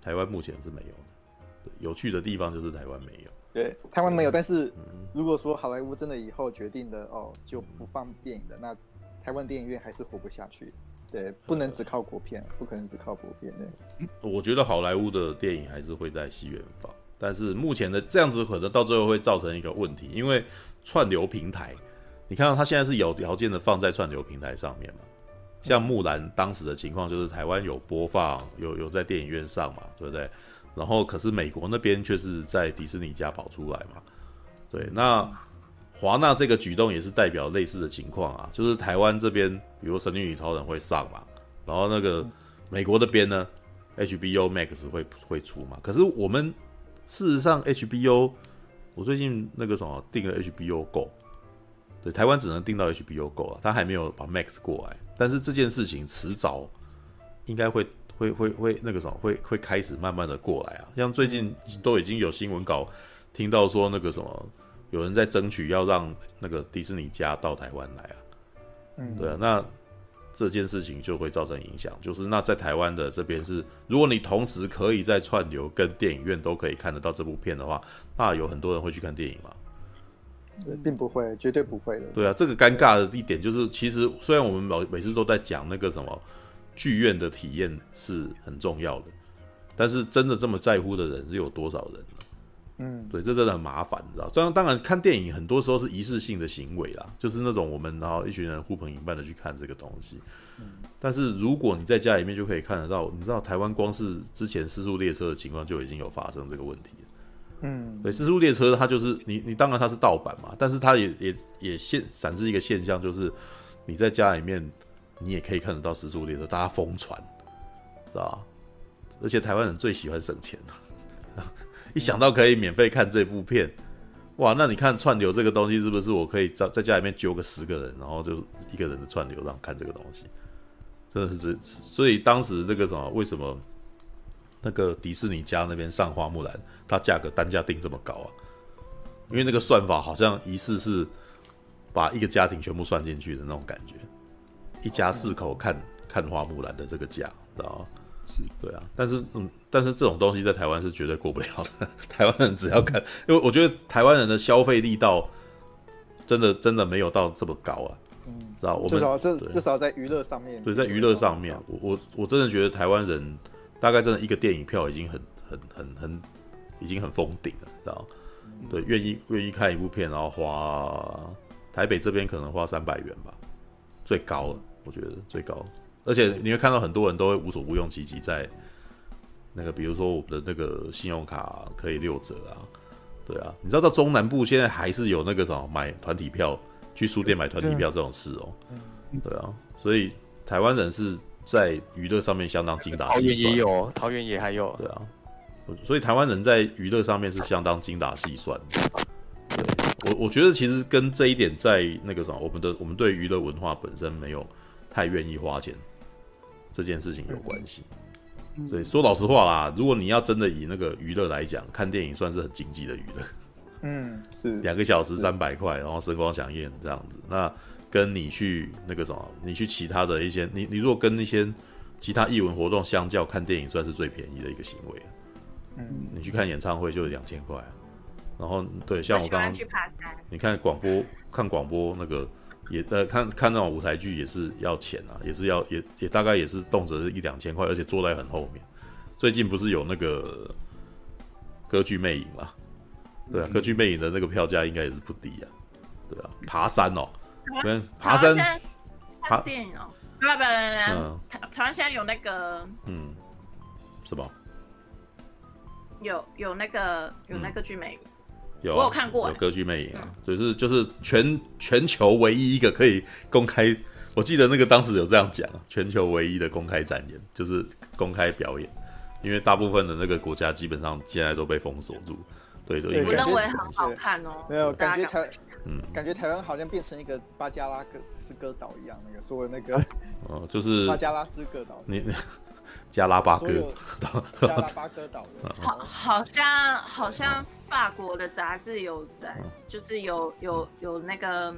台灣目前是沒有的。有趣的地方就是台灣沒有。對，台灣沒有，嗯、但是如果說好萊塢真的以後決定的哦，就不放電影的，那台灣電影院還是活不下去。對，不能只靠國片，嗯、不可能只靠國片的。對，我覺得好萊塢的電影還是會在戲院放，但是目前的這樣子可能到最後會造成一個問題，因為串流平台，你看到它現在是有條件的放在串流平台上面嘛？像木蘭當時的情況，就是台灣有播放，有有在電影院上嘛，對不對？然後可是美國那邊卻是在迪士尼家跑出來嘛，對。那華納這個舉動也是代表類似的情況啊，就是台灣這邊，比如《神力女超人》會上嘛，然後那個美國那邊呢，HBO Max 會會出嘛。可是我們事實上 HBO，我最近那個什麼訂了 HBO Go，對，台灣只能訂到 HBO Go 啊，他還沒有把 Max 過來。但是這件事情遲早應該會會會會那個什麼，會會開始慢慢的過來啊。像最近都已經有新聞稿聽到說，那個什麼有人在爭取要讓那個迪士尼加到台灣來啊。嗯，對啊，那這件事情就會造成影響，就是那在台灣的這邊是，如果你同時可以在串流跟電影院都可以看得到這部片的話，那有很多人會去看電影嘛。對，並不會，絕對不會的。對啊，這個尷尬的一點就是，對其實雖然我們每每次都在講那個什麼劇院的體驗是很重要的，但是真的這麼在乎的人是有多少人呢、啊？嗯，對，這真的很麻煩，你知道？雖然，當然，看電影很多時候是一次性的行為啦，就是那種我們然後一群人呼朋引伴的去看這個東西。嗯，但是如果你在家裡面就可以看得到，你知道台灣光是之前屍速列車的情況就已經有發生這個問題了。嗯，對，《屍速列車》，它就是你，你當然它是盜版嘛，但是它也也也現展示一個現象，就是你在家裡面你也可以看得到《屍速列車》，大家瘋傳，是吧？而且台灣人最喜歡省錢了， 一想到可以免費看這部片，哇，那你看串流這個東西是不是？我可以在在家裡面揪個十個人，然後就一個人的串流讓看這個東西，真的是這，所以當時那個什麼，為什麼那個迪士尼家那邊上《花木蘭》？它價格單價定這麼高啊？因為那個算法好像一次是把一個家庭全部算進去的那種感覺，一家四口看看《花木蘭》的這個價，知道嗎？是，對啊。但是，嗯，但是這種東西在台灣是絕對過不了的。台灣人只要看， 因為我覺得台灣人的消費力道真的真的沒有到這麼高啊，嗯，知道嗎？我們至少是，對至少在娛樂上面，對，在娛樂上面，我我我真的覺得台灣人大概真的一個電影票已經很很很很。很很已經很封頂了，你知道？對，願意願意看一部片，然後花台北這邊可能花三百元吧，最高了，我覺得最高。而且你會看到很多人都會無所不用其極，在那個比如說我們的那個信用卡可以六折啊，對啊，你知道到中南部現在還是有那個什麼買團體票去書店買團體票這種事哦、喔，對啊，所以台灣人是在娛樂上面相當精打細算。桃園也有，桃園也還有，對啊。所以台灣人在娛樂上面是相當精打細算的，對，我我覺得其實跟這一點在那個什麼，我們的我們對娛樂文化本身沒有太願意花錢這件事情有關係。所以說老實話啦，如果你要真的以那個娛樂來講，看電影算是很經濟的娛樂，嗯，是兩個小時三百塊，然後聲光饗宴，這樣子。那跟你去那個什麼，你去其他的一些，你你如果跟那些其他藝文活動相較，看電影算是最便宜的一個行為。嗯，你去看演唱會就兩千塊，然後對，像我剛剛，你看廣播，看廣播那個也呃，看看那種舞台劇也是要錢啊，也是要也也大概也是動輒一兩千塊，而且坐在很後面。最近不是有那個歌劇魅影嘛？對啊，歌劇魅影的那個票價應該也是不低啊。對啊，爬山哦，台灣，爬山，看電影哦，那來來來，嗯、台台灣現在有那個嗯，是吧？有有那個有那個劇魅、嗯，有、啊、我有看過、欸，有歌劇魅影啊，就是、嗯、就是全全球唯一一個可以公開，我記得那個當時有這樣講啊，全球唯一的公開展演，就是公開表演，因為大部分的那個國家基本上現在都被封鎖住，對對，對。我認為很好看哦，沒有感覺台，嗯，感覺台灣好像變成一個巴加拉斯哥島一樣，那個所謂那個、欸、哦，就是巴加拉斯哥島，你。加拉巴哥，加拉巴哥島。 好，好像好像法國的雜誌有在，嗯、就是有有有那個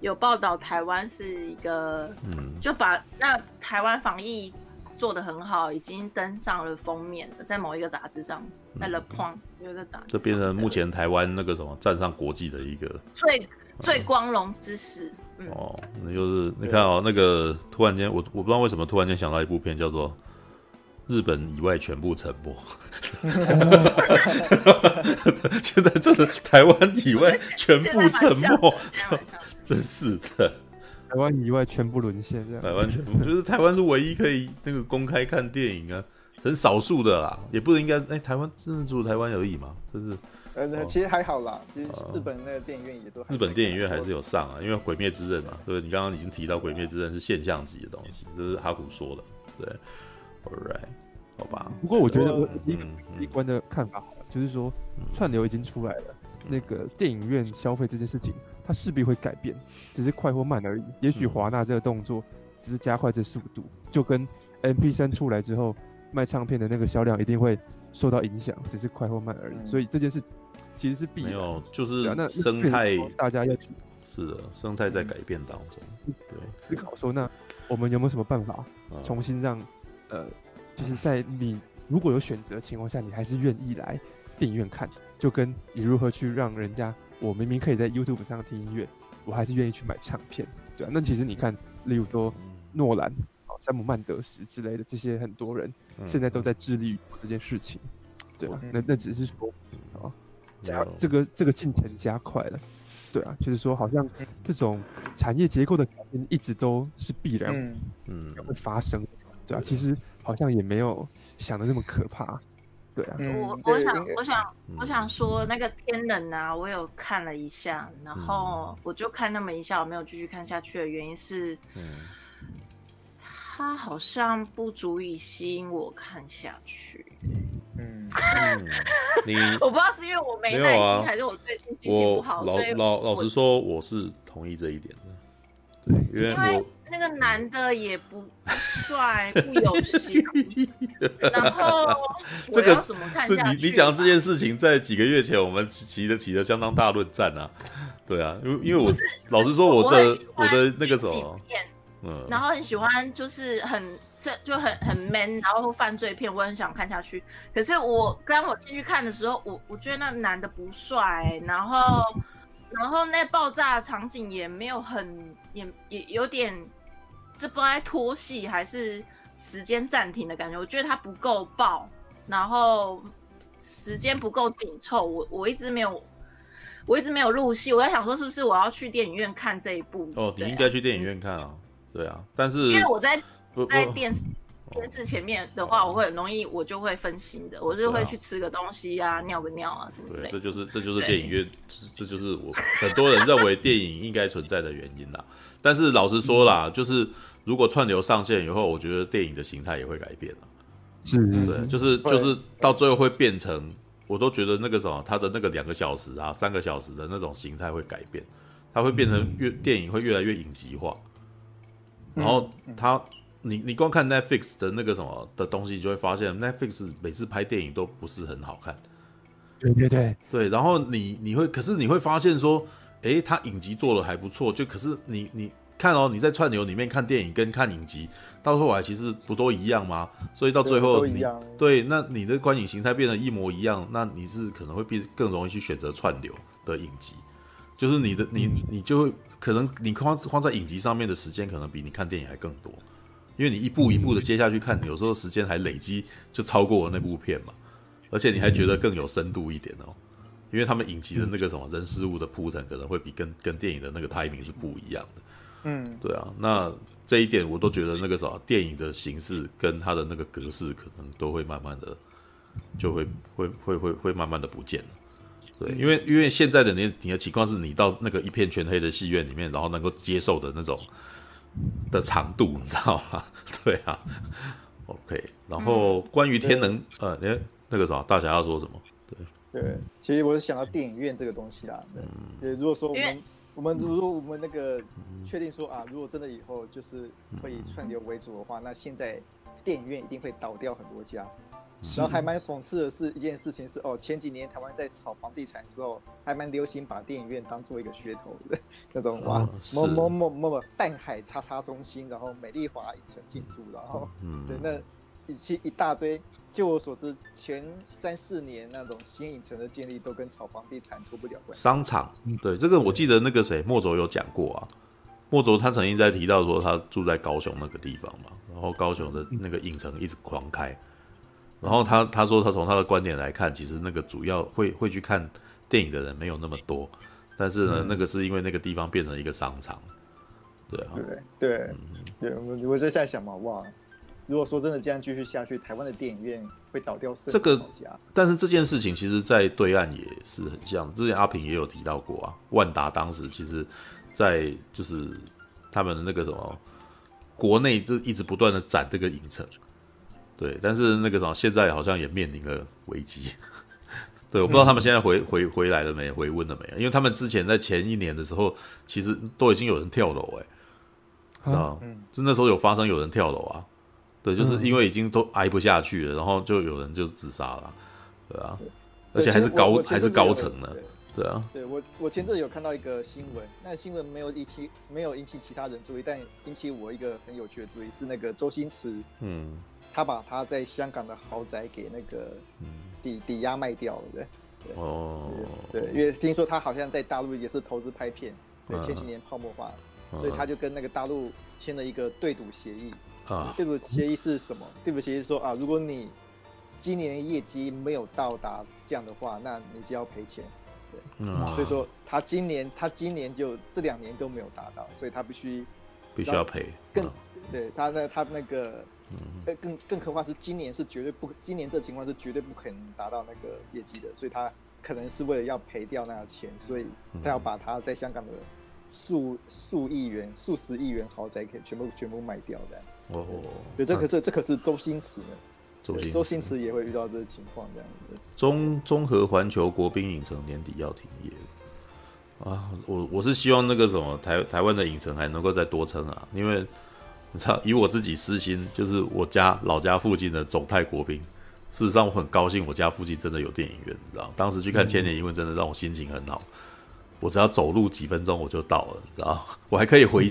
有報道台灣是一個，嗯、就把那台灣防疫做得很好，已經登上了封面的，在某一個雜誌上，在 Le Point 有一個雜誌上，嗯嗯，這變成目前台灣那個什麼站上國際的一個最、嗯、最光榮之事。嗯、哦，那就是你看哦，那個突然間我我不知道為什麼突然間想到一部片叫做。日本以外全部沉默，現在真的台灣以外全部沉默，真是的，台灣以外全部淪陷這樣台灣，台灣全部就是台灣是唯一可以那個公開看電影啊，很少數的啦，也不應該哎，欸、台灣真正只有台灣而已嘛，就是呃，其實還好啦，其實日本那個電影院也都日本電影院還是有上啊，因為《鬼滅之刃》嘛，對，你剛剛已經提到《鬼滅之刃》是現象級的東西，這是哈古說的，對。Alright，好吧。不過我覺得一個悲觀的看法，就是說串流已經出來了，那個電影院消費這件事情，它勢必會改變，只是快或慢而已。也許華納這個動作只是加快這速度，就跟 MP3 出來之後賣唱片的那個銷量一定會受到影響，只是快或慢而已。所以這件事其實是必要，就是那生態大家要去，是的，生態在改變當中。對，思考說那我們有沒有什麼辦法重新讓。呃，就是在你如果有選擇的情況下，你還是願意來電影院看，就跟你如何去讓人家，我明明可以在 YouTube 上聽音樂，我還是願意去買唱片，對啊。那其實你看，例如說諾蘭、好、哦，山姆·曼德斯之類的這些很多人，現在都在致力於這件事情，對吧？那那只是說，啊、哦有這個，這個這個進程加快了，對啊，就是說，好像這種產業結構的改變一直都是必然，嗯，嗯，會發生。對啊，其實好像也沒有想的那麼可怕，對啊。我我想我想我想說那個天能啊，嗯、我有看了一下，然後我就看那麼一下，我沒有繼續看下去的原因是，嗯、他好像不足以吸引我看下去。嗯，嗯，你 我不知道是因為我沒耐心，啊、還是我最近心情不好。老老老實說，我是同意這一點的，對，因為我。那個男的也不帥，不有型， 然後我要怎麼看下去？這個、你你講這件事情在幾個月前，我們騎着騎着相當大論戰啊，對啊，因因為我是老實說我，我的我的那個什麼，嗯，然後很喜歡就是很這就很很 man，然後犯罪片我也很想看下去。可是我剛我進去看的時候，我我覺得那男的不帥，欸，然後然後那爆炸場景也沒有很也也有點。這不挨拖戲還是時間暫停的感覺？我覺得它不夠爆，然後時間不夠緊湊。我我一直沒有，我一直沒有入戲。我在想說，是不是我要去電影院看這一部？哦，啊、你應該去電影院看啊，嗯、對啊。但是因為我在我在電視。片子前面的話，我會很容易，我就會分心的。我是會去吃個東西啊，尿個尿啊，什麼之類的。這就是這就是電影院，這就是我很多人認為電影應該存在的原因啦。但是老實說啦，就是如果串流上線以後，我覺得電影的形態也會改變啦。是，對，就是就是到最後會變成，我都覺得那個什麼，他的那個兩個小時啊、三個小時的那種形態會改變，他會變成越電影會越來越影集化，然後他。你你光看 Netflix 的那個什麼的東西，就會發現 Netflix 每次拍電影都不是很好看，對對對對。然後你你會可是你會發現說，誒，他影集做的還不錯，就可是你你看哦，你在串流裡面看電影跟看影集，到後來其實不都一樣嗎？所以到最後你對，那你的觀影形態變得一模一樣，那你是可能會變更容易去選擇串流的影集，就是你的你你就會可能你框框在影集上面的時間，可能比你看電影還更多。因為你一步一步的接下去看，有時候時間還累積就超過我那部片嘛，而且你還覺得更有深度一點哦，因為他們影集的那個什麼人事物的鋪陳，可能會比跟跟電影的那個 timing 是不一樣的。嗯，對啊，那這一點我都覺得那個什麼電影的形式跟它的那個格式，可能都會慢慢的就會會會會會慢慢的不見了。對，因為因為現在的你你的情況是你到那個一片全黑的戲院裡面，然後能夠接受的那種。的長度，你知道嗎？ 對啊，OK。然後關於天能，呃、嗯啊，那個啥，大家要說什麼？對對，其實我是想到電影院這個東西啦。對，嗯、如果說我們、嗯、我們如果我們那個確定說啊，如果真的以後就是以串流為主的話，那現在電影院一定會倒掉很多家。是然後還蠻諷刺的是一件事情是哦，前幾年台灣在炒房地產之後，還蠻流行把電影院當做一個噱頭的，那種、嗯、哇，某某某某淡海叉叉中心，然後美麗華影城進駐，然後嗯，對，那一一大堆，就我所知，前三四年那種新影城的建立都跟炒房地產脫不了關係。商場，對這個我記得那個誰莫卓有講過啊，莫卓他曾經在提到說他住在高雄那個地方嘛，然後高雄的那個影城一直狂開。然後他他說他從他的觀點來看，其實那個主要會會去看電影的人沒有那麼多，但是呢，嗯、那個是因為那個地方變成一個商場，對對、啊、對？對、嗯、對，我我就在想嘛，哇，如果說真的這樣繼續下去，台灣的電影院會倒掉會。這個，但是這件事情其實在對岸也是很像，之前阿平也有提到過啊，萬達當時其實在就是他們的那個什麼國內就一直不斷的展這個影城。對，但是那個什麼現在好像也面臨了危機。 對，我不知道他們現在回、嗯、回回來了沒，回溫了沒有？因為他們之前在前一年的時候，其實都已經有人跳樓哎、欸，嗯、知道嗎、嗯、就那時候有發生有人跳樓啊。對，就是因為已經都挨不下去了，然後就有人就自殺了、啊。對啊，對而且還是高還是高層呢？對啊，對我我前陣有看到一個新聞，那新聞沒有引起沒有引起其他人注意，但引起我一個很有趣的注意是那個周星馳，嗯。他把他在香港的豪宅給那個抵抵押賣掉了，對，哦，對，對，因為聽說他好像在大陸也是投資拍片，對，前幾年泡沫化，所以他就跟那個大陸簽了一個對賭協議。啊，對賭協議是什麼？對賭協議說啊，如果你今年業績沒有到達這樣的話，那你就要賠錢，對，嗯，所以說他今年他今年就這兩年都沒有達到，所以他必須必須要賠，更對，他那他那個。更更可怕是，今年是絕對不，今年這情況是絕對不可能達到那個業績的，所以他可能是為了要賠掉那個錢，所以他要把他在香港的數數億元、數十億元豪宅可以全部全部賣掉的。哦，哦對，對，這可這、啊、這可是周星馳，周，周星周星馳也會遇到這個情況這樣子。中中和環球國賓影城年底要停業，啊，我我是希望那個什麼台台灣的影城還能夠再多撐啊，因為。以我自己私心，就是我家老家附近的總泰國賓。事實上，我很高興我家附近真的有電影院，你知道？當時去看《千年一問》真的讓我心情很好。我只要走路幾分鐘，我就到了，你知道？我還可以回，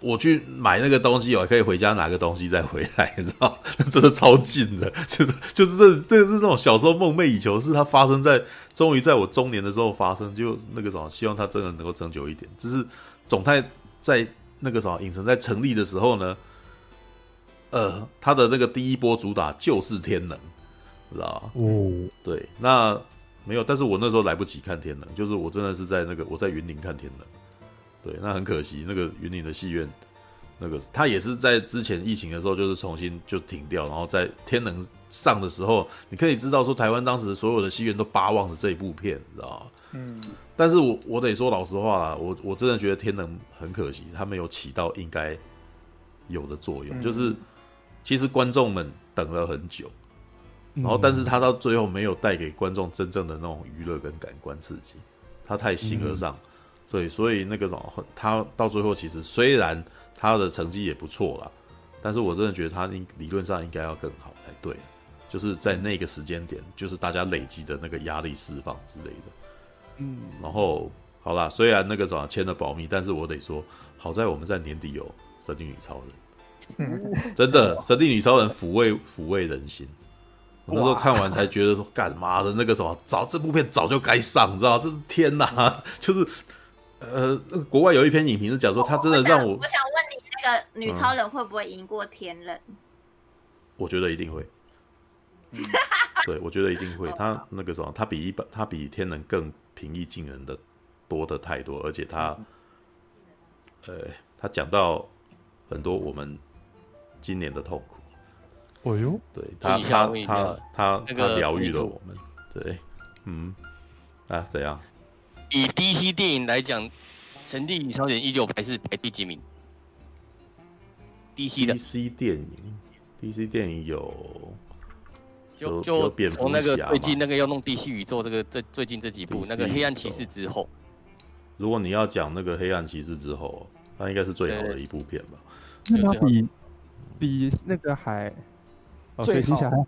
我去買那個東西，我還可以回家拿個東西再回來，你知道？真的超近的，就是就是這個、這個，是那種小時候夢寐以求，是它發生在，終於在我中年的時候發生，就那個什麼，希望它真的能夠長久一點。只、就是總泰在。那個啥，影城在成立的時候呢，呃，他的那個第一波主打就是《天能》，知道嗎？哦，對，那沒有，但是我那時候來不及看《天能》，就是我真的是在那個我在雲林看《天能》，對，那很可惜，那個雲林的戲院，那個他也是在之前疫情的時候就是重新就停掉，然後在《天能》上的時候，你可以知道說，台灣當時所有的戲院都巴望着這一部片，知道嗎？嗯。但是我我得說老實話啦，我我真的覺得天能很可惜，他沒有起到應該有的作用。就是其實觀眾們等了很久，然後但是他到最後沒有帶給觀眾真正的那種娛樂跟感官刺激，他太形而上，對，嗯嗯、所以那個什麼，他到最後其實雖然他的成績也不錯啦，但是我真的覺得他應理論上應該要更好才對，就是在那個時間點，就是大家累積的那個壓力釋放之類的。嗯，然後好啦，雖然那個什麼簽了保密，但是我得說，好在我們在年底有《神力女超人》，真的《神力女超人》撫慰撫慰人心。我那時候看完才覺得說，幹嘛哇？幹媽的，那個什麼早這部片早就該上，你知道？這是天哪，嗯、就是呃，國外有一篇影評是講說，他真的讓我我想，我想問你，那個女超人會不會贏過天人、嗯？我覺得一定會。嗯對，我覺得一定會。他那個什麼，他比一般，他比天能更平易近人的多的太多，而且他，呃，他講到很多我們今年的痛苦。哦呦，對他他他他他療癒了我們。對，嗯，啊，怎樣？以 DC 電影來講，《神力女超人》依舊排是排第幾名？DC 的 DC 電影，DC 電影有。就就從那個最近那個要弄《DC 宇宙》這個這，這最近這幾部對那個《黑暗騎士》之後，如果你要講那個《黑暗騎士》之後，那應該是最好的一部片吧？對那它比比那個還，好水行俠，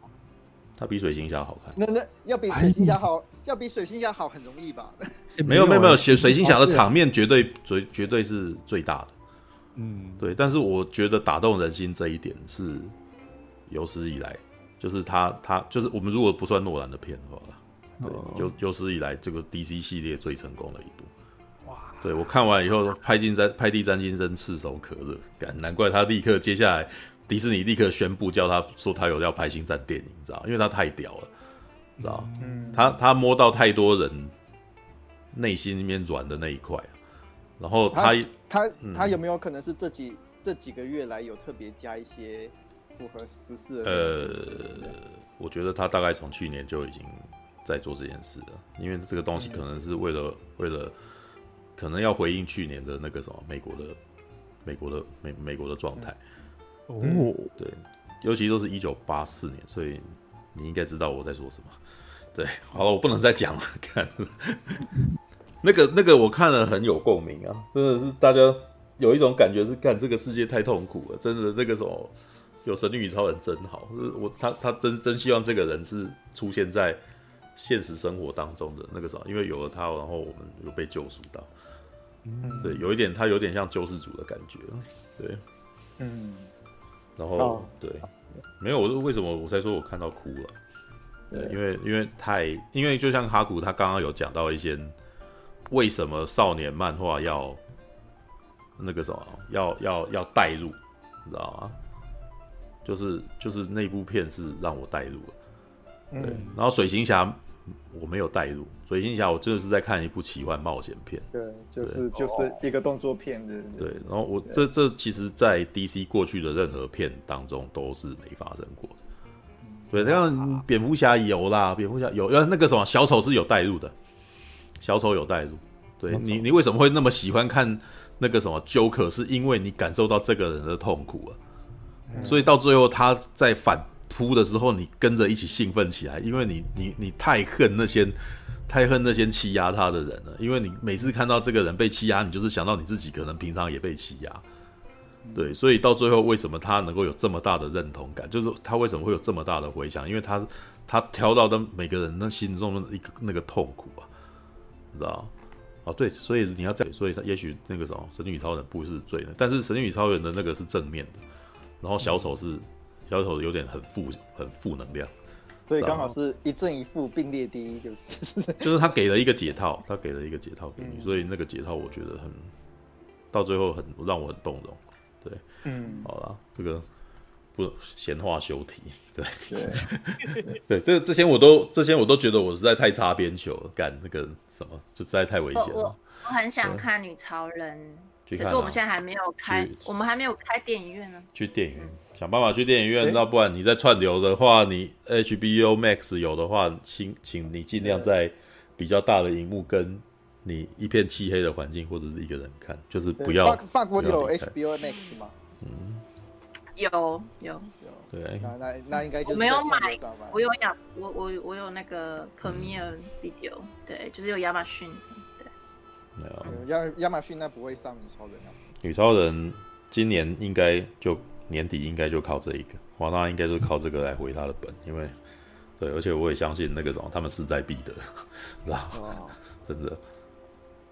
它比水行俠好看。那那要比水行俠好,、哎、呀好，要比水行俠好很容易吧？欸、沒有沒有沒有，水水行俠的場面絕對絕絕對是最大的。嗯，對，但是我覺得打動人心這一點是有史以來。就是他，他就是我們如果不算諾蘭的片，的話，對，有有史以來這個 DC 系列最成功的一部，哇！對我看完以後，派金三派蒂詹金森炙手可熱，感難怪他立刻接下來迪士尼立刻宣布叫他說他有要拍星戰電影，你知道因為他太屌了，嗯、知道嗯，他他摸到太多人內心裡面軟的那一塊，然後他他他,他有沒有可能是這幾、嗯、這幾個月來有特別加一些？符合呃，我覺得他大概從去年就已經在做這件事了，因為這個東西可能是為了、嗯、為了，可能要回應去年的那個什麼美國的，美國的美美國的狀態。嗯、對哦，對，尤其都是一九八四年，所以你應該知道我在做什麼。對，好了，我不能再講了看。看、 那個，那個那個，我看了很有共鳴啊，真的是大家有一種感覺是，看這個世界太痛苦了，真的這、那個什麼。有神力女超人真好，就是、我他他真真希望這個人是出現在現實生活當中的那個時候，因為有了他，然後我們又被救贖到。嗯，對，有一點他有點像救世主的感覺，對，嗯，然後、哦、對，沒有，我是為什麼我才說我看到哭了、啊。對，對因為因為太，因為就像哈古他剛剛有講到一些，為什麼少年漫畫要那個什麼，要要要帶入，你知道嗎？就是就是那部片是讓我帶入了，對，然後水行俠我沒有帶入，水行俠我就是在看一部奇幻冒險片，對，就是對就是一個動作片的。哦、對，然後我對這這其實在 DC 過去的任何片當中都是沒發生過的，對，像蝙蝠俠有啦，蝙蝠俠有，呃，那個什麼小丑是有帶入的，小丑有帶入，對你你為什麼會那麼喜歡看那個什麼 Joker？是因為你感受到這個人的痛苦了、啊。所以到最後，他在反撲的時候，你跟着一起興奮起來，因為你你你太恨那些太恨那些欺壓他的人了，因為你每次看到這個人被欺壓，你就是想到你自己可能平常也被欺壓，對，所以到最後為什麼他能夠有這麼大的認同感，就是他為什麼會有這麼大的回響，因為他是他挑到的每個人的心中的一個那個痛苦啊，你知道哦，對，所以你要這樣，所以他也許那個什麼神女超人不是罪人，但是神女超人的那個是正面的。然後小丑是，小丑有點很負很負能量，所以對剛好是一正一負並列第一就是，就是他給了一個解套，他給了一個解套給你，嗯，所以那個解套我覺得很，到最後很讓我很動容，對，嗯，好啦，這個不閒話休題，對，對， 對，這這些我都這些我都覺得我實在太擦邊球了，幹那個什麼，就實在太危險了。了。我很想看女超人。啊、可是我們現在還沒有開，去我們還沒有開電影院呢、啊。去電影院，嗯、想辦法去電影院。欸、那不然你在串流的話，你 HBO Max 有的話，請，請你盡量在比較大的熒幕，跟你一片漆黑的環境，或者是一個人看，就是不要。法國有 HBO Max 嗎？嗯，有有有。對，那那應該就是。沒有買。我有亞，我我我有那個 Premier Video，、嗯、對，就是有亞馬遜。亞亞、嗯嗯、馬遜那不會上女超人啊。女超人今年應該就年底應該就靠這一個，華納應該就靠這個來回他的本，嗯、因為對，而且我也相信那個什麼，他們勢在必得，知道嗎？哦、真的，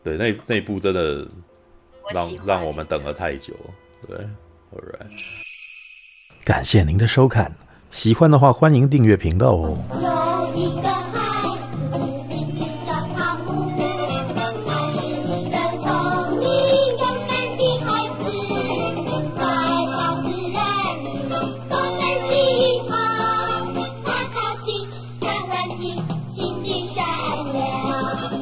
對那那部真的讓我讓我們等了太久了，對、對、對，All right，感謝您的收看，喜歡的話歡迎訂閱頻道哦。嗯